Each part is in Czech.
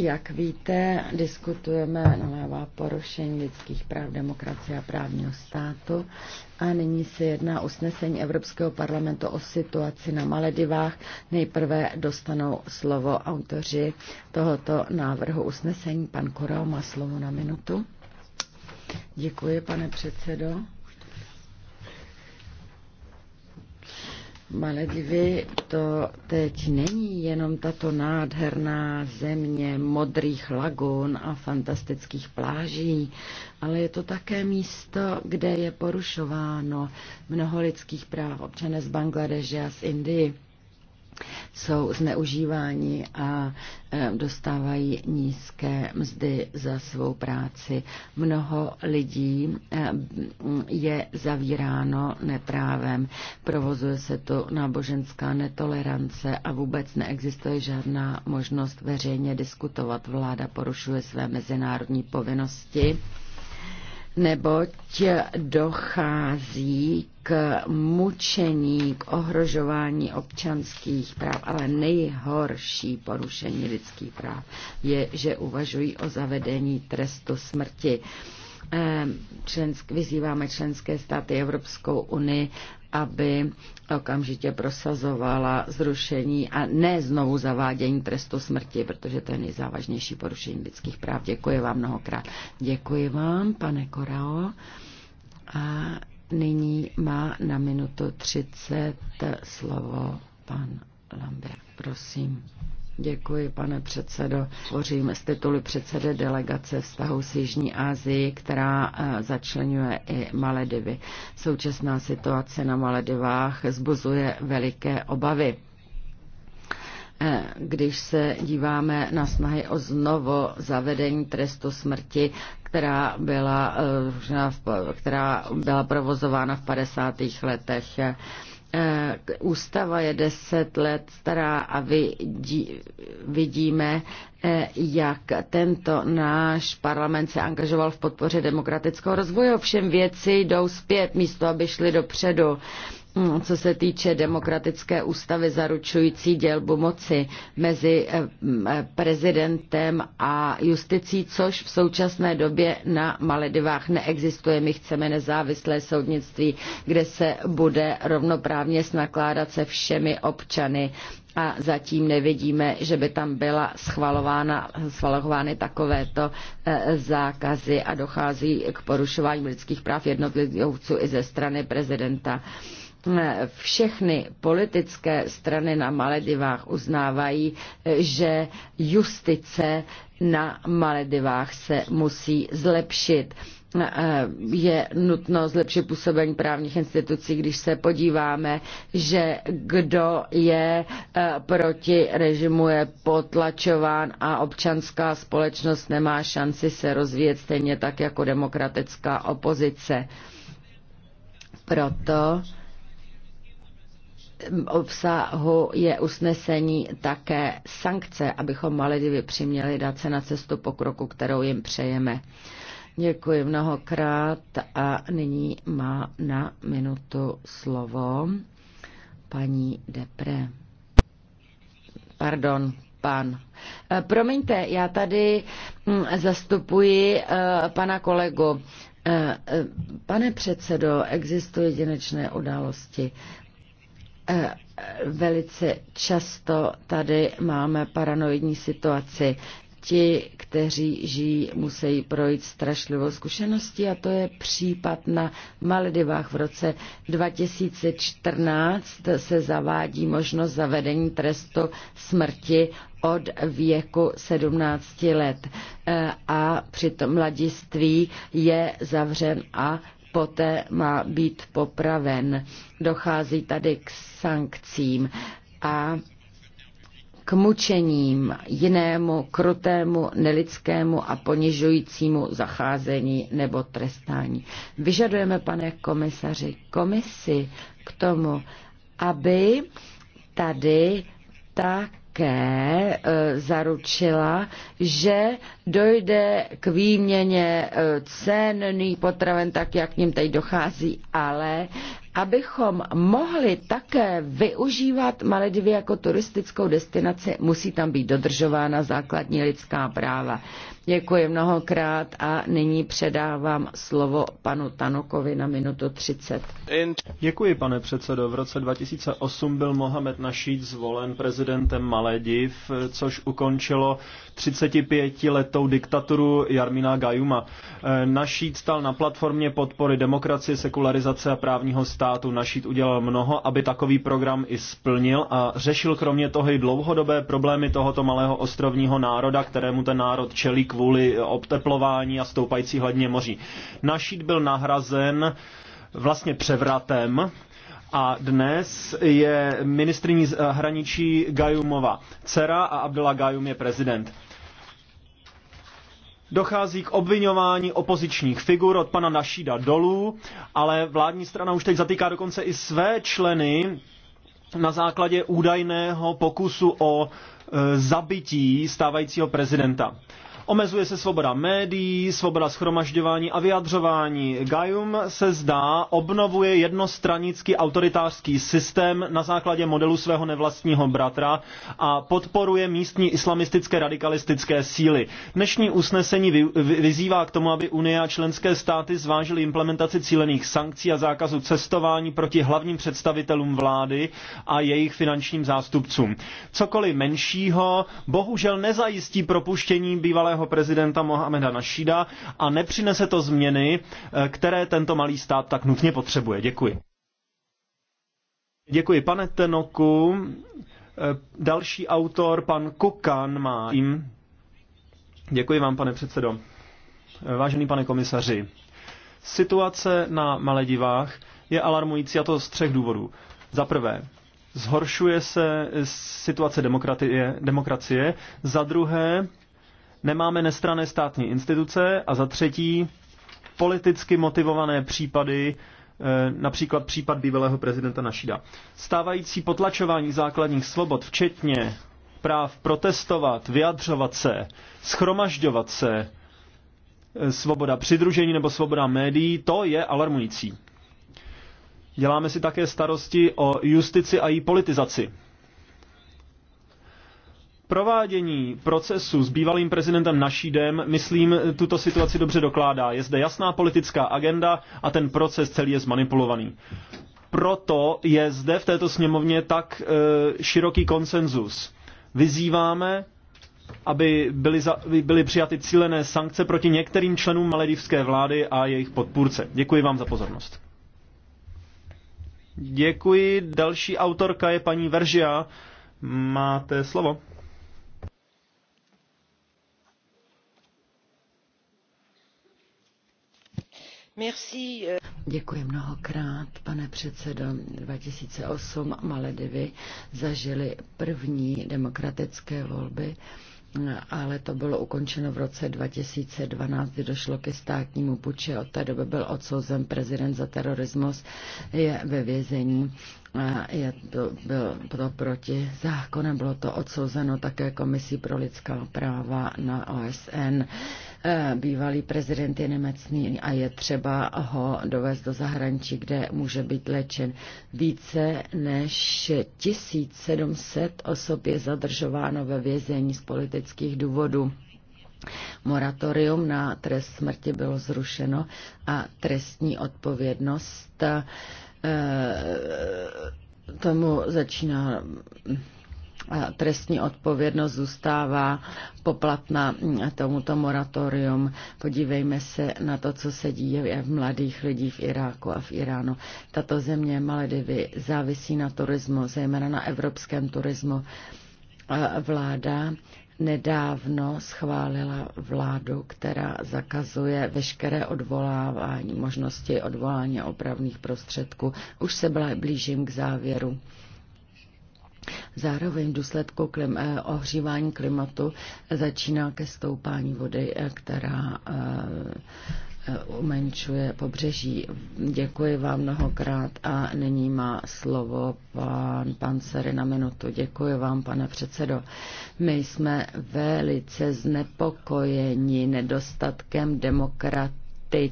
Jak víte, diskutujeme nová porušení lidských práv, demokracie a právního státu a nyní se jedná usnesení Evropského parlamentu o situaci na Maledivách. Nejprve dostanou slovo autoři tohoto návrhu usnesení. Pan Korao má slovo na minutu. Děkuji, pane předsedo. Maledivy to teď není jenom tato nádherná země modrých lagun a fantastických pláží, ale je to také místo, kde je porušováno mnoho lidských práv občané z Bangladeže a z Indii jsou zneužíváni a e, dostávají nízké mzdy za svou práci. Mnoho lidí e, je zavíráno neprávem, provozuje se tu náboženská netolerance a vůbec neexistuje žádná možnost veřejně diskutovat. Vláda porušuje své mezinárodní povinnosti neboť dochází k mučení, k ohrožování občanských práv, ale nejhorší porušení lidských práv je, že uvažují o zavedení trestu smrti. Eh, člensk, vyzýváme členské státy Evropskou unii, aby okamžitě prosazovala zrušení a ne znovu zavádění trestu smrti, protože to je nejzávažnější porušení lidských práv. Děkuji vám mnohokrát. Děkuji vám, pane Korao. A nyní má na minutu 30 slovo pan Lambert. Prosím. Děkuji, pane předsedo. Tvořím z titulu předsedy delegace vztahu s Jižní Asii, která eh, začlenuje i Maledivy. Současná situace na Maledivách zbuzuje veliké obavy eh, když se díváme na snahy o znovu zavedení trestu smrti, která byla, eh, která byla provozována v 50. letech. Eh, ústava je deset let stará a vidí, vidíme, eh, jak tento náš parlament se angažoval v podpoře demokratického rozvoje. Ovšem věci jdou zpět, místo aby šly dopředu co se týče demokratické ústavy zaručující dělbu moci mezi eh, eh, prezidentem a justicí, což v současné době na Maledivách neexistuje. My chceme nezávislé soudnictví, kde se bude rovnoprávně snakládat se všemi občany a zatím nevidíme, že by tam byla schvalována, schvalovány takovéto eh, zákazy a dochází k porušování lidských práv jednotlivců i ze strany prezidenta všechny politické strany na Maledivách uznávají, eh, že justice na Maledivách se musí zlepšit eh, je nutno zlepšit působení právních institucí, když se podíváme, že kdo je eh, proti režimu je potlačován a občanská společnost nemá šanci se rozvíjet stejně tak jako demokratická opozice. Proto obsahu je usnesení také sankce, abychom Maledivy přiměli dát se na cestu pokroku, kterou jim přejeme. Děkuji mnohokrát a nyní má na minutu slovo paní Depre. Pardon, pan. Promiňte, já tady hm, zastupuji eh, pana kolegu. Eh, eh, pane předsedo, existují jedinečné události. Eh, velice často tady máme paranoidní situaci. Ti, kteří žijí, musí projít strašlivou zkušeností a to je případ na Maledivách. V roce 2014 se zavádí možnost zavedení trestu smrti od věku 17 let eh, a přitom mladiství je zavřen a poté má být popraven. Dochází tady k sankcím a k mučením, jinému, krutému, nelidskému a ponižujícímu zacházení nebo trestání. Vyžadujeme, pane komisaři, komisi k tomu, aby tady tak také eh, zaručila, že dojde k výměně eh, cenných potraven, tak jak k ním teď dochází, ale abychom mohli také využívat Maledivy jako turistickou destinaci, musí tam být dodržována základní lidská práva. Děkuji mnohokrát a nyní předávám slovo panu Tanokovi na minutu 30. Děkuji, pane předsedo. V roce 2008 byl Mohamed Našíd zvolen prezidentem Malediv, což ukončilo 35-letou diktaturu Jarmina Gajuma. Našíd stal na platformě podpory demokracie, sekularizace a právního státu. Našíd udělal mnoho, aby takový program i splnil a řešil kromě toho i dlouhodobé problémy tohoto malého ostrovního národa, kterému ten národ čelí kvůli kvůli obteplování a stoupající hladině moří. Našít byl nahrazen vlastně převratem, a dnes je ministrní hraničí Gajumova dcera a Abdullah Gajum je prezident. Dochází k obvinování opozičních figur od pana Našída dolů, ale vládní strana už teď zatýká dokonce i své členy na základě údajného pokusu o e, zabití stávajícího prezidenta. Omezuje se svoboda médií, svoboda schromažďování a vyjadřování. Gajum se zdá obnovuje jednostranický autoritářský systém na základě modelu svého nevlastního bratra a podporuje místní islamistické radikalistické síly. Dnešní usnesení vy, vy, vyzývá k tomu, aby Unie a členské státy zvážily implementaci cílených sankcí a zákazu cestování proti hlavním představitelům vlády a jejich finančním zástupcům. Cokoliv menšího bohužel nezajistí propuštění bývalého nového prezidenta Mohameda Našída a nepřinese to změny, eh, které tento malý stát tak nutně potřebuje. Děkuji. Děkuji, pane Tenoku. Eh, další autor, pan Kokan, má jim. Děkuji vám, pane předsedo. Eh, vážený pane komisaři, situace na Maledivách je alarmující a to z třech důvodů. Za prvé, zhoršuje se situace demokratie, demokracie. Za druhé, nemáme nestrané státní instituce a za třetí politicky motivované případy, eh, například případ bývalého prezidenta Našida. Stávající potlačování základních svobod, včetně práv protestovat, vyjadřovat se, schromažďovat se, eh, svoboda přidružení nebo svoboda médií, to je alarmující. Děláme si také starosti o justici a její politizaci. Provádění procesu s bývalým prezidentem Našídem, myslím, tuto situaci dobře dokládá. Je zde jasná politická agenda a ten proces celý je zmanipulovaný. Proto je zde v této sněmovně tak e, široký konsenzus. Vyzýváme, aby byly, za, byly přijaty cílené sankce proti některým členům maledivské vlády a jejich podpůrce. Děkuji vám za pozornost. Děkuji. Další autorka je paní Veržia. Máte slovo. Eh. Děkuji mnohokrát, pane předsedo. 2008 Maledivy zažili první demokratické volby ale to bylo ukončeno v roce 2012, kdy došlo ke státnímu puči. Od té doby byl odsouzen prezident za terorismus, je ve vězení. A je to, byl to proti zákonem, bylo to odsouzeno také Komisí pro lidská práva na OSN. Eh, bývalý prezident je nemocný a je třeba ho dovést do zahraničí, kde může být léčen. Více než 1700 osob je zadržováno ve vězení z politických důvodů. Moratorium na trest smrti bylo zrušeno a trestní odpovědnost eh, tomu začíná trestní odpovědnost zůstává poplatná tomuto moratorium. Podívejme se na to, co se díje v mladých lidí v Iráku a v Iránu. Tato země Maledivy závisí na turismu, zejména na evropském turismu. Vláda nedávno schválila vládu, která zakazuje veškeré odvolávání, možnosti odvolání opravných prostředků. Už se blížím k závěru. Zároveň v důsledku klim, eh, ohřívání klimatu začíná ke stoupání vody, eh, která eh, umenšuje pobřeží. Děkuji vám mnohokrát a nyní má slovo pan Pancery na minutu. Děkuji vám, pane předsedo. My jsme velice znepokojeni nedostatkem demokratické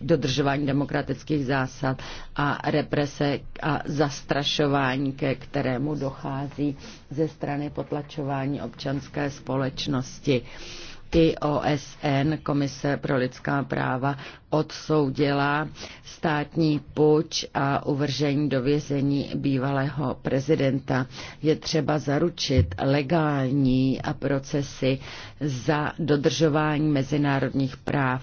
dodržování demokratických zásad a represe a zastrašování, ke kterému dochází ze strany potlačování občanské společnosti i OSN, Komise pro lidská práva, odsoudila státní puč a uvržení do vězení bývalého prezidenta. Je třeba zaručit legální a procesy za dodržování mezinárodních práv.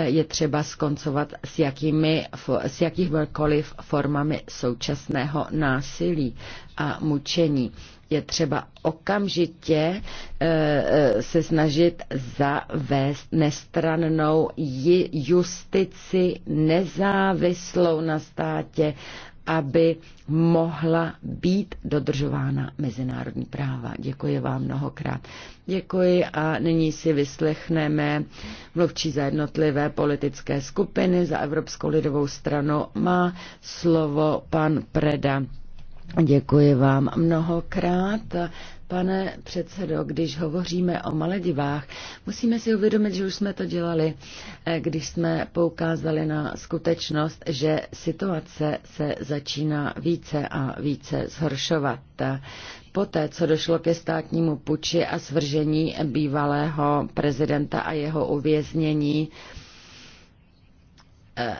Je třeba skoncovat s, jakými, s jakýmikoliv formami současného násilí a mučení je třeba okamžitě eh, eh, se snažit zavést nestrannou justici nezávislou na státě, aby mohla být dodržována mezinárodní práva. Děkuji vám mnohokrát. Děkuji a nyní si vyslechneme mluvčí za jednotlivé politické skupiny za Evropskou lidovou stranu. Má slovo pan Preda. Děkuji vám mnohokrát. Pane předsedo, když hovoříme o Maledivách, musíme si uvědomit, že už jsme to dělali, eh, když jsme poukázali na skutečnost, že situace se začíná více a více zhoršovat. Poté, co došlo ke státnímu puči a svržení bývalého prezidenta a jeho uvěznění, eh,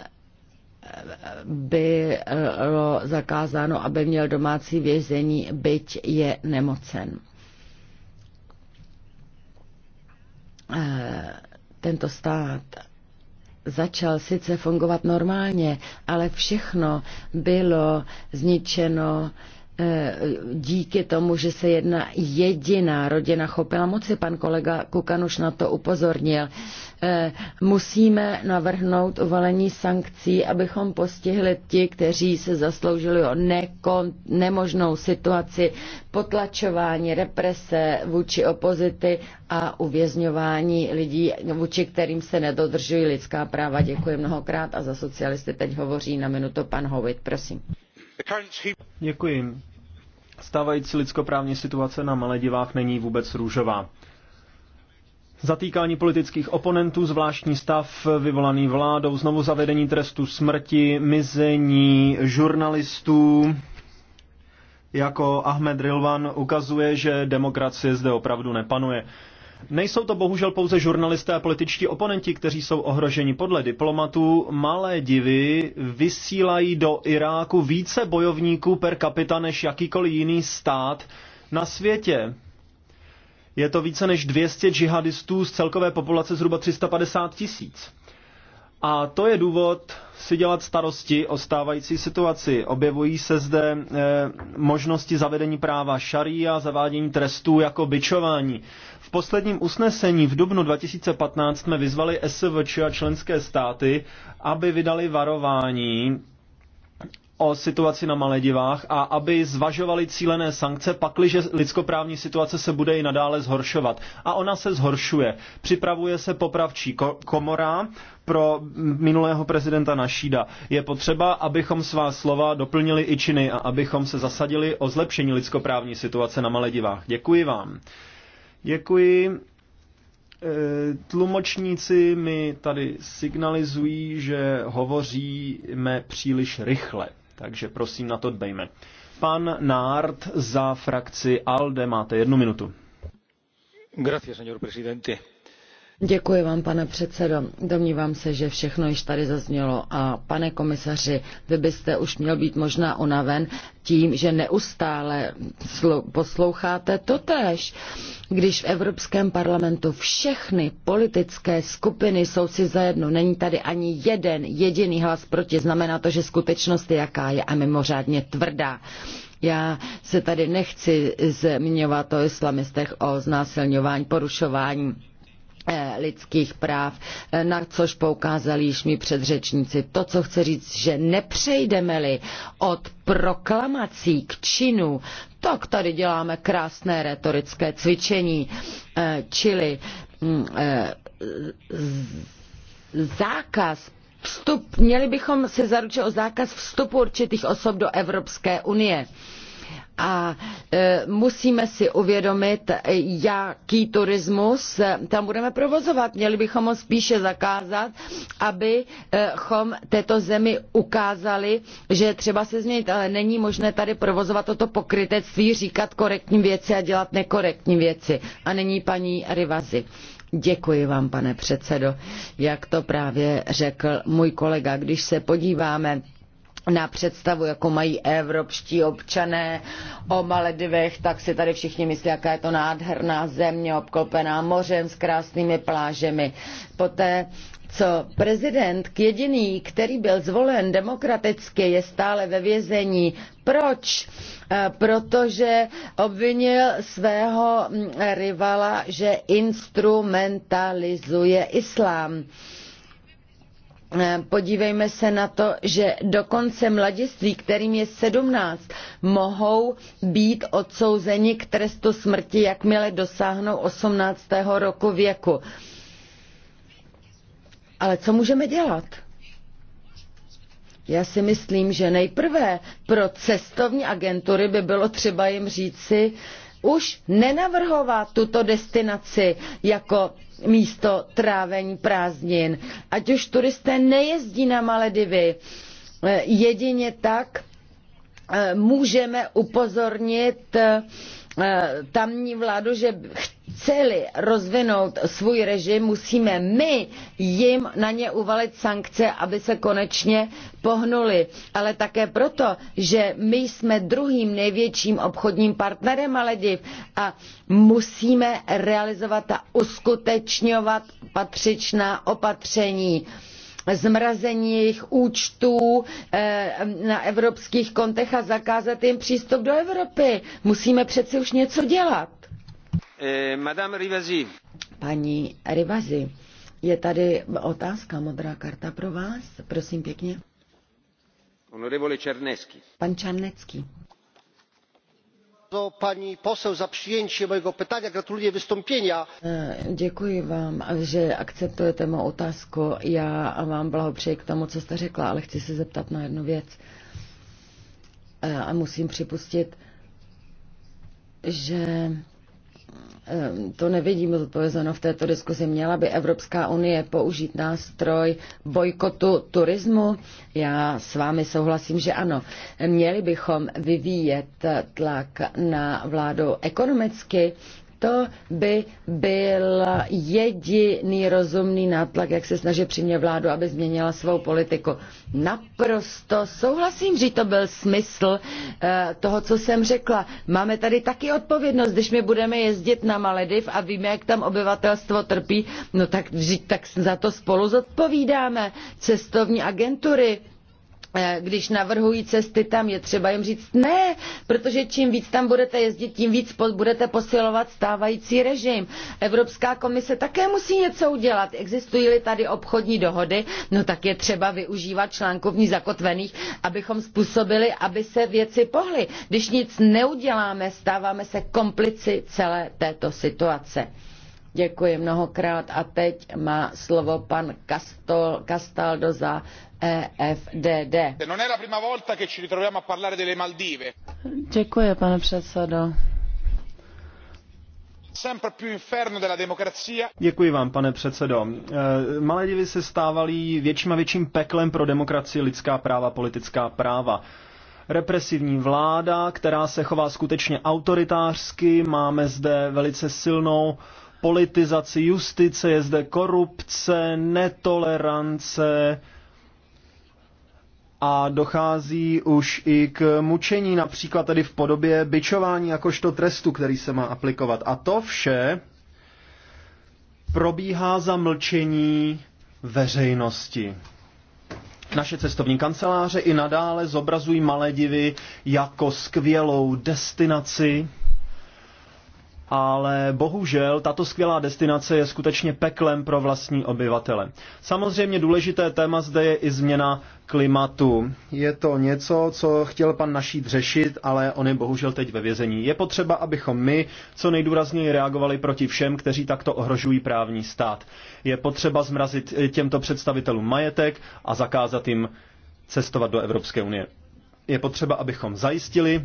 bylo eh, zakázáno, aby měl domácí vězení, byť je nemocen. Eh, tento stát začal sice fungovat normálně, ale všechno bylo zničeno E, díky tomu, že se jedna jediná rodina chopila moci, pan kolega Kukan už na to upozornil, e, musíme navrhnout uvalení sankcí, abychom postihli ti, kteří se zasloužili o nekon, nemožnou situaci, potlačování, represe vůči opozity a uvězňování lidí, vůči kterým se nedodržují lidská práva. Děkuji mnohokrát a za socialisty teď hovoří na minutu pan Hovit. Prosím. Děkuji Stávající lidskoprávní situace na Maledivách není vůbec růžová. Zatýkání politických oponentů, zvláštní stav vyvolaný vládou, znovu zavedení trestu smrti, mizení žurnalistů, jako Ahmed Rilvan ukazuje, že demokracie zde opravdu nepanuje. Nejsou to bohužel pouze žurnalisté a političtí oponenti, kteří jsou ohroženi. Podle diplomatů malé divy vysílají do Iráku více bojovníků per capita než jakýkoliv jiný stát na světě. Je to více než 200 džihadistů z celkové populace zhruba 350 tisíc. A to je důvod si dělat starosti o stávající situaci. Objevují se zde e, možnosti zavedení práva šaria, zavádění trestů jako byčování. V posledním usnesení v dubnu 2015 jsme vyzvali SVČ a členské státy, aby vydali varování o situaci na Maledivách a aby zvažovali cílené sankce, pakliže lidskoprávní situace se bude i nadále zhoršovat. A ona se zhoršuje. Připravuje se popravčí komora pro minulého prezidenta Našída. Je potřeba, abychom svá slova doplnili i činy a abychom se zasadili o zlepšení lidskoprávní situace na Maledivách. Děkuji vám. Děkuji. E, tlumočníci mi tady signalizují, že hovoříme příliš rychle. Takže prosím na to dbejme. Pan Nárd za frakci ALDE máte jednu minutu. Gracias, señor presidente Děkuji vám, pane předsedo. Domnívám se, že všechno již tady zaznělo. A pane komisaři, vy byste už měl být možná unaven tím, že neustále posloucháte totéž. Když v Evropském parlamentu všechny politické skupiny jsou si zajedno, není tady ani jeden jediný hlas proti, znamená to, že skutečnost je jaká je a mimořádně tvrdá. Já se tady nechci zmiňovat o islamistech, o znásilňování, porušování Eh, lidských práv, eh, na což poukázali již mi předřečníci. To, co chci říct, že nepřejdeme-li od proklamací k činu, tak tady děláme krásné retorické cvičení, eh, čili mm, zákaz vstup, měli bychom se zaručit o zákaz vstupu určitých osob do Evropské unie. A e, musíme si uvědomit, jaký turismus tam budeme provozovat. Měli bychom ho spíše zakázat, abychom této zemi ukázali, že třeba se změnit, ale není možné tady provozovat toto pokrytectví, říkat korektní věci a dělat nekorektní věci. A není paní Rivazi. Děkuji vám, pane předsedo. Jak to právě řekl můj kolega, když se podíváme na představu, jako mají evropští občané o Maledivech, tak si tady všichni myslí, jaká je to nádherná země, obklopená mořem s krásnými plážemi. Poté co prezident jediný, který byl zvolen demokraticky, je stále ve vězení. Proč? E, protože obvinil svého rivala, že instrumentalizuje islám Eh, podívejme se na to, že dokonce mladiství, kterým je 17, mohou být odsouzeni k trestu smrti, jakmile dosáhnou 18. roku věku. Ale co můžeme dělat? Já si myslím, že nejprve pro cestovní agentury by bylo třeba jim říci, už nenavrhovat tuto destinaci jako místo trávení prázdnin. Ať už turisté nejezdí na Maledivy, eh, jedině tak eh, můžeme upozornit eh, Eh, tamní vládu, že chceli rozvinout svůj režim, musíme my jim na ně uvalit sankce, aby se konečně pohnuli. Ale také proto, že my jsme druhým největším obchodním partnerem Malediv a musíme realizovat a uskutečňovat patřičná opatření. Uh, zmrazení jejich účtů eh, na evropských kontech a zakázat jim přístup do Evropy. Musíme přeci už něco dělat. Eh, Madame Paní Rivazi, je tady otázka, modrá karta pro vás. Prosím pěkně. Pan Černecký pani posel za přijetí mého pytania. gratuluję wystąpienia. E, děkuji vám, že akceptujete mou otázku. Já vám blahopřeji k tomu, co jste řekla, ale chci se zeptat na jednu věc. E, a musím připustit, že Ehm, to nevidím odpovězeno v této diskuzi. Měla by Evropská unie použít nástroj bojkotu turismu? Já s vámi souhlasím, že ano. Měli bychom vyvíjet tlak na vládu ekonomicky, to by byl jediný rozumný nátlak, jak se snaží přimět vládu, aby změnila svou politiku. Naprosto souhlasím, že to byl smysl eh, toho, co jsem řekla. Máme tady taky odpovědnost, když my budeme jezdit na Malediv a víme, jak tam obyvatelstvo trpí, no tak, tak za to spolu zodpovídáme. Cestovní agentury Eh, když navrhují cesty tam, je třeba jim říct ne, protože čím víc tam budete jezdit, tím víc budete posilovat stávající režim. Evropská komise také musí něco udělat. Existují-li tady obchodní dohody, no tak je třeba využívat článků v ní zakotvených, abychom způsobili, aby se věci pohly. Když nic neuděláme, stáváme se komplici celé této situace. Děkuji mnohokrát a teď má slovo pan Castol, Castaldo za EFDD. Děkuji, pane předsedo. Děkuji vám, pane předsedo. Eh, Maledivy se stávaly větším a větším peklem pro demokracii, lidská práva, politická práva represivní vláda, která se chová skutečně autoritářsky. Máme zde velice silnou politizaci justice, je zde korupce, netolerance a dochází už i k mučení, například tedy v podobě byčování jakožto trestu, který se má aplikovat. A to vše probíhá za mlčení veřejnosti. Naše cestovní kanceláře i nadále zobrazují Maledivy jako skvělou destinaci, ale bohužel tato skvělá destinace je skutečně peklem pro vlastní obyvatele. Samozřejmě důležité téma zde je i změna klimatu. Je to něco, co chtěl pan Našít řešit, ale on je bohužel teď ve vězení. Je potřeba, abychom my co nejdůrazněji reagovali proti všem, kteří takto ohrožují právní stát. Je potřeba zmrazit eh, těmto představitelům majetek a zakázat jim cestovat do Evropské unie. Je potřeba, abychom zajistili,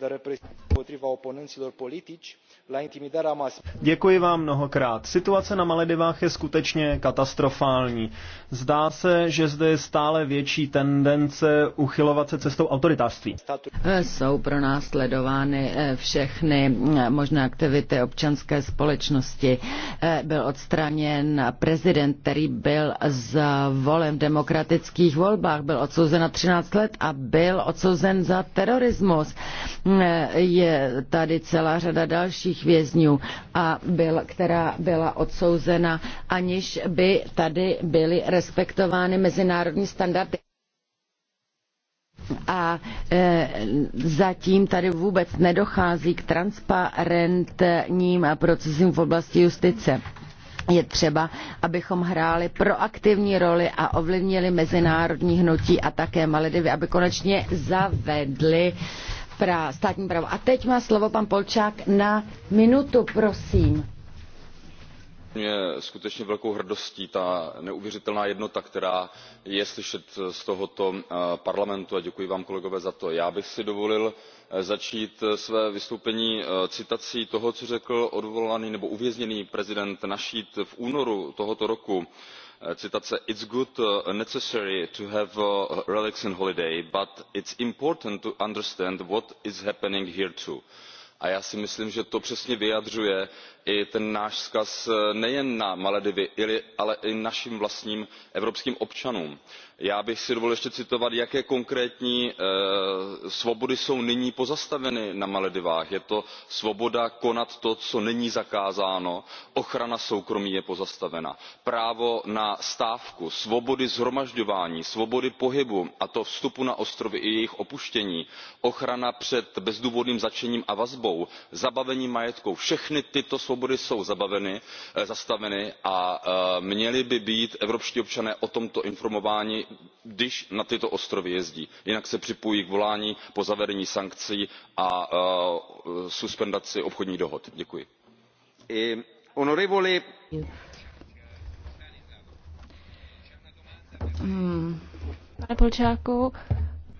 de represiune împotriva oponenților politici la intimidarea mass Děkuji vám mnohokrát. Situace na Maledivách je skutečně katastrofální. Zdá se, že zde je stále větší tendence uchylovat se cestou autoritářství. Jsou pro nás sledovány eh, všechny eh, možné aktivity občanské společnosti. Eh, byl odstraněn prezident, který byl zvolen v demokratických volbách, byl odsouzen na 13 let a byl odsouzen za terorismus je tady celá řada dalších vězňů, a byl, která byla odsouzena, aniž by tady byly respektovány mezinárodní standardy a e, zatím tady vůbec nedochází k transparentním procesům v oblasti justice. Je třeba, abychom hráli proaktivní roli a ovlivnili mezinárodní hnutí a také Maledivy, aby konečně zavedli pra, státní právo. A teď má slovo pan Polčák na minutu, prosím. Mě skutečně velkou hrdostí ta neuvěřitelná jednota, která je slyšet z tohoto eh, parlamentu a děkuji vám kolegové za to. Já bych si dovolil eh, začít eh, své vystoupení citací toho co řekl odvolaný nebo uvězněný prezident Našít v únoru tohoto roku Eh, citace it's good and eh, necessary to have a eh, relaxing holiday but it's important to understand what is happening here too. a já si myslím že to přesně vyjadřuje i ten náš vzkaz eh, nejen na maledivy ale i našim vlastním evropským občanům. já bych si dovolil ještě citovat jaké konkrétní eh, svobody jsou nyní pozastaveny na maledivách je to svoboda konat to co není zakázáno ochrana soukromí je pozastavena právo na stávku svobody shromažďování svobody pohybu a to vstupu na ostrovy i jejich opuštění ochrana před bezdůvodným zatčením a vazbou zabavení majetku všechny tyto svobody jsou eh, zastaveny a eh, měli by být evropští občané o tomto informováni když na tyto ostrovy jezdí. jinak se připojuji k volání po zavedení sankcí a eh, suspendaci obchodních dohod. děkuji. Hmm. pane polčáku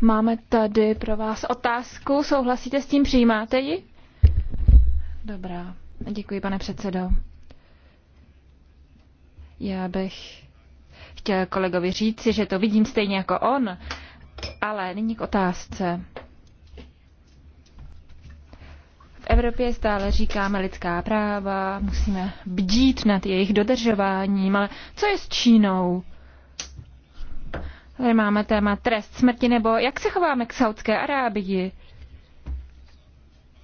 máme tady pro vás otázku souhlasíte s tím přijímáte ji? dobrá. Děkuji, pane předsedo. Já bych chtěl kolegovi říci, že to vidím stejně jako on, ale nyní k otázce. V Evropě stále říkáme lidská práva, musíme bdít nad jejich dodržováním, ale co je s Čínou? Tady máme téma trest smrti, nebo jak se chováme k Saudské Arábii?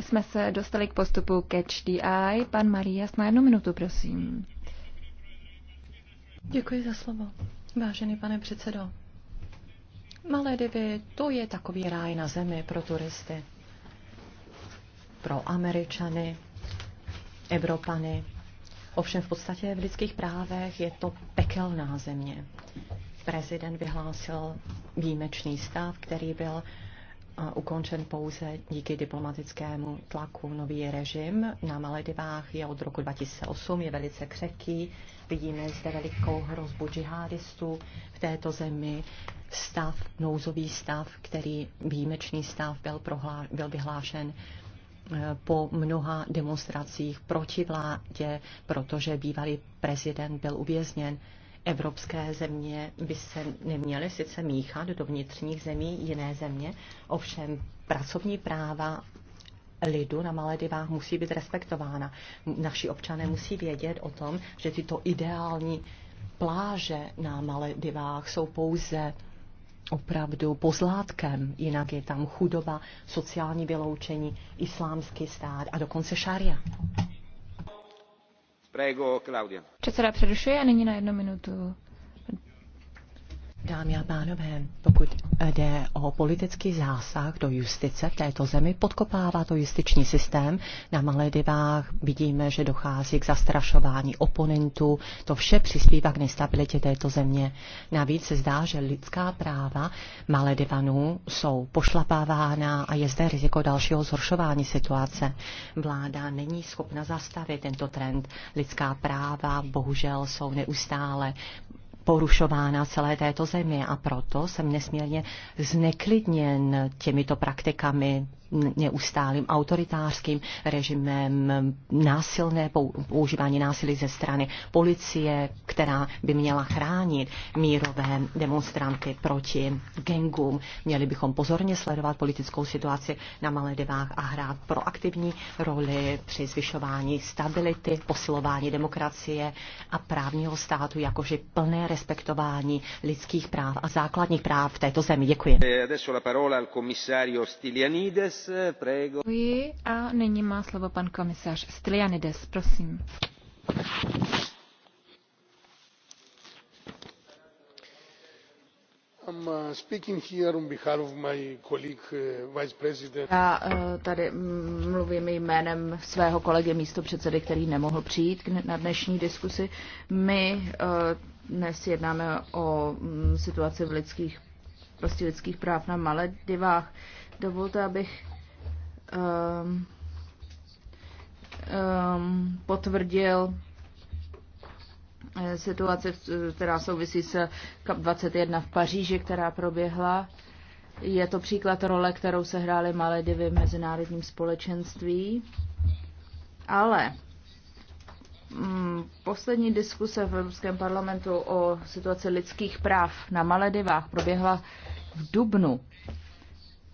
jsme se dostali k postupu Catch the Eye. Pan Marias na jednu minutu, prosím. Děkuji za slovo. Vážený pane předsedo, malé divy, to je takový ráj na zemi pro turisty, pro Američany, Evropany. Ovšem v podstatě v lidských právech je to pekelná země. Prezident vyhlásil výjimečný stav, který byl ukončen pouze díky diplomatickému tlaku. Nový režim na Maledivách je od roku 2008, je velice křehký. Vidíme zde velikou hrozbu džihadistů v této zemi. Stav, nouzový stav, který výjimečný stav byl, prohlá, byl vyhlášen eh, po mnoha demonstracích proti vládě, protože bývalý prezident byl uvězněn. Evropské země by se neměly sice míchat do vnitřních zemí jiné země, ovšem pracovní práva lidu na Maledivách musí být respektována. Naši občané musí vědět o tom, že tyto ideální pláže na Maledivách jsou pouze opravdu pozlátkem, jinak je tam chudoba, sociální vyloučení, islámský stát a dokonce šaria. Prego, Claudia. Předseda přerušuje a nyní na jednu minutu Dámy a pánové, pokud jde o politický zásah do justice v této zemi, podkopává to justiční systém. Na Maledivách vidíme, že dochází k zastrašování oponentů. To vše přispívá k nestabilitě této země. Navíc se zdá, že lidská práva Maledivanů jsou pošlapávána a je zde riziko dalšího zhoršování situace. Vláda není schopna zastavit tento trend. Lidská práva bohužel jsou neustále porušována celé této země a proto jsem nesmírně zneklidněn těmito praktikami neustálým autoritářským režimem, násilné používání násilí ze strany policie, která by měla chránit mírové demonstranty proti gengům. Měli bychom pozorně sledovat politickou situaci na Maledivách a hrát proaktivní roli při zvyšování stability, posilování demokracie a právního státu, jakože plné respektování lidských práv a základních práv v této zemi. Děkuji. E Děkuji a nyní má slovo pan komisař Stylianides, prosím. Uh, uh, Já uh, tady mm, mluvím jménem svého kolegy předsedy, který nemohl přijít na dnešní diskusi. My dnes jednáme o mm, situaci v lidských prostě lidských práv na Maledivách. Dovolte, abych um, um, potvrdil eh, situace, která souvisí s CAP 21 v Paříži, která proběhla. Je to příklad role, kterou se hrály Maledivy v mezinárodním společenství. Ale Mm, poslední diskuse v Evropském parlamentu o situaci lidských práv na Maledivách proběhla v Dubnu.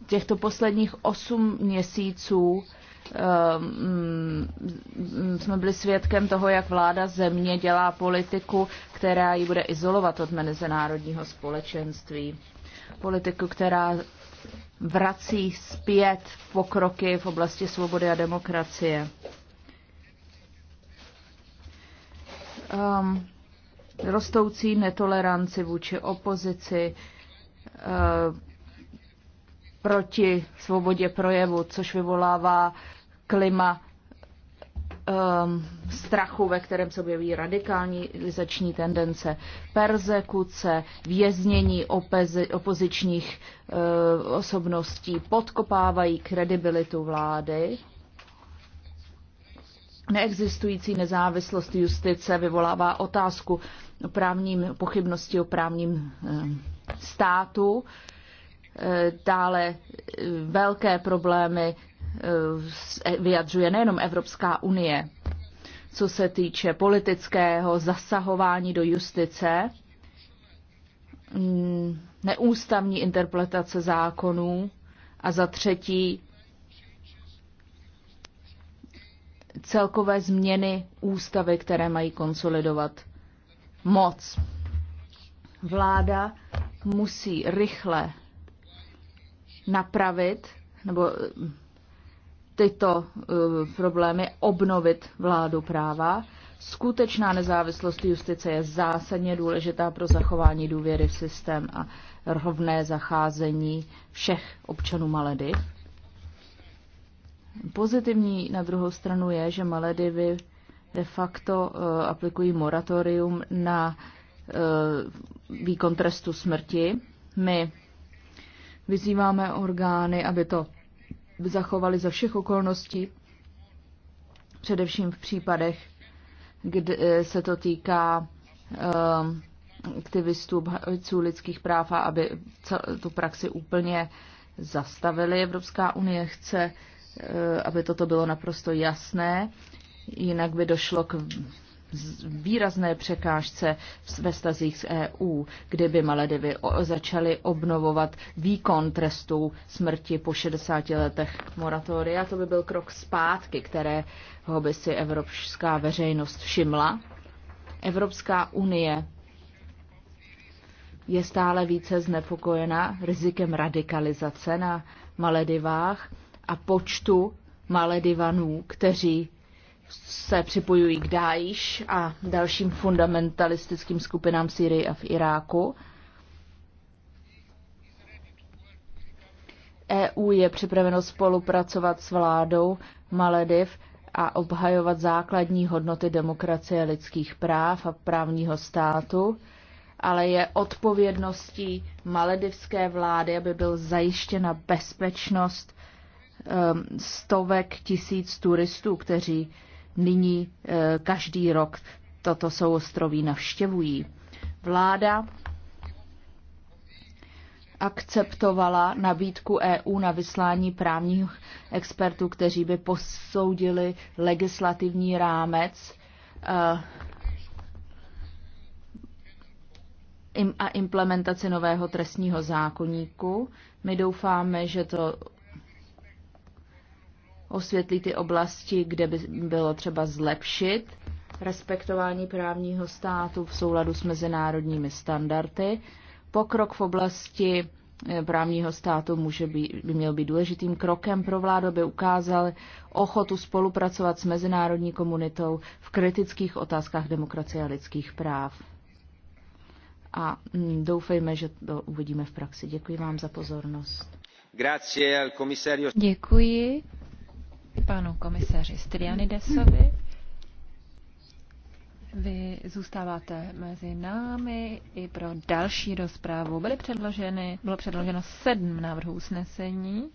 Těchto posledních osm měsíců ehm, mm, jsme byli svědkem toho, jak vláda země dělá politiku, která ji bude izolovat od mezinárodního společenství. Politiku, která vrací zpět pokroky v oblasti svobody a demokracie. um, rostoucí netoleranci vůči opozici, uh, proti svobodě projevu, což vyvolává klima um, strachu, ve kterém se objeví radikální lizační tendence, persekuce, věznění opezi, opozičních uh, osobností podkopávají kredibilitu vlády Neexistující nezávislost justice vyvolává otázku o právním pochybnosti o právním eh, státu, eh, dále eh, velké problémy vyjadřuje nejenom Evropská unie, co se týče politického zasahování do justice, mm, neústavní interpretace zákonů a za třetí celkové změny ústavy, které mají konsolidovat moc. Vláda musí rychle napravit nebo eh, tyto uh, problémy, obnovit vládu práva. Skutečná nezávislost justice je zásadně důležitá pro zachování důvěry v systém a rovné zacházení všech občanů Malediv Pozitivní na druhou stranu je, že Maledivy de facto eh, aplikují moratorium na eh, výkon trestu smrti. My vyzýváme orgány, aby to zachovali za všech okolností, především v případech, kde eh, se to týká aktivistů, obhajců lidských práv a aby tu praxi úplně zastavili. Evropská unie chce Eh, aby toto bylo naprosto jasné, jinak by došlo k výrazné překážce ve stazích z EU, kdyby Maledivy začaly obnovovat výkon trestů smrti po 60 letech moratoria. To by byl krok zpátky, kterého by si evropská veřejnost všimla. Evropská unie je stále více znepokojena rizikem radikalizace na Maledivách a počtu Maledivanů, kteří se připojují k Dájiš a dalším fundamentalistickým skupinám v Syrii a v Iráku. EU je připraveno spolupracovat s vládou Malediv a obhajovat základní hodnoty demokracie, lidských práv a právního státu, ale je odpovědností maledivské vlády, aby byl zajištěna bezpečnost Um, stovek tisíc turistů, kteří nyní uh, každý rok toto souostroví navštěvují. Vláda akceptovala nabídku EU na vyslání právních expertů, kteří by posoudili legislativní rámec uh, a implementaci nového trestního zákoníku. My doufáme, že to osvětlí ty oblasti, kde by bylo třeba zlepšit respektování právního státu v souladu s mezinárodními standardy. Pokrok v oblasti eh, právního státu může být, by měl být důležitým krokem pro vládu, aby ukázal ochotu spolupracovat s mezinárodní komunitou v kritických otázkách demokracie a lidských práv. A mm, doufejme, že to uvidíme v praxi. Děkuji vám za pozornost. Děkuji panu komisaři Strianidesovi. Vy zůstáváte mezi námi i pro další rozprávu. Byly předloženy, bylo předloženo sedm návrhů usnesení.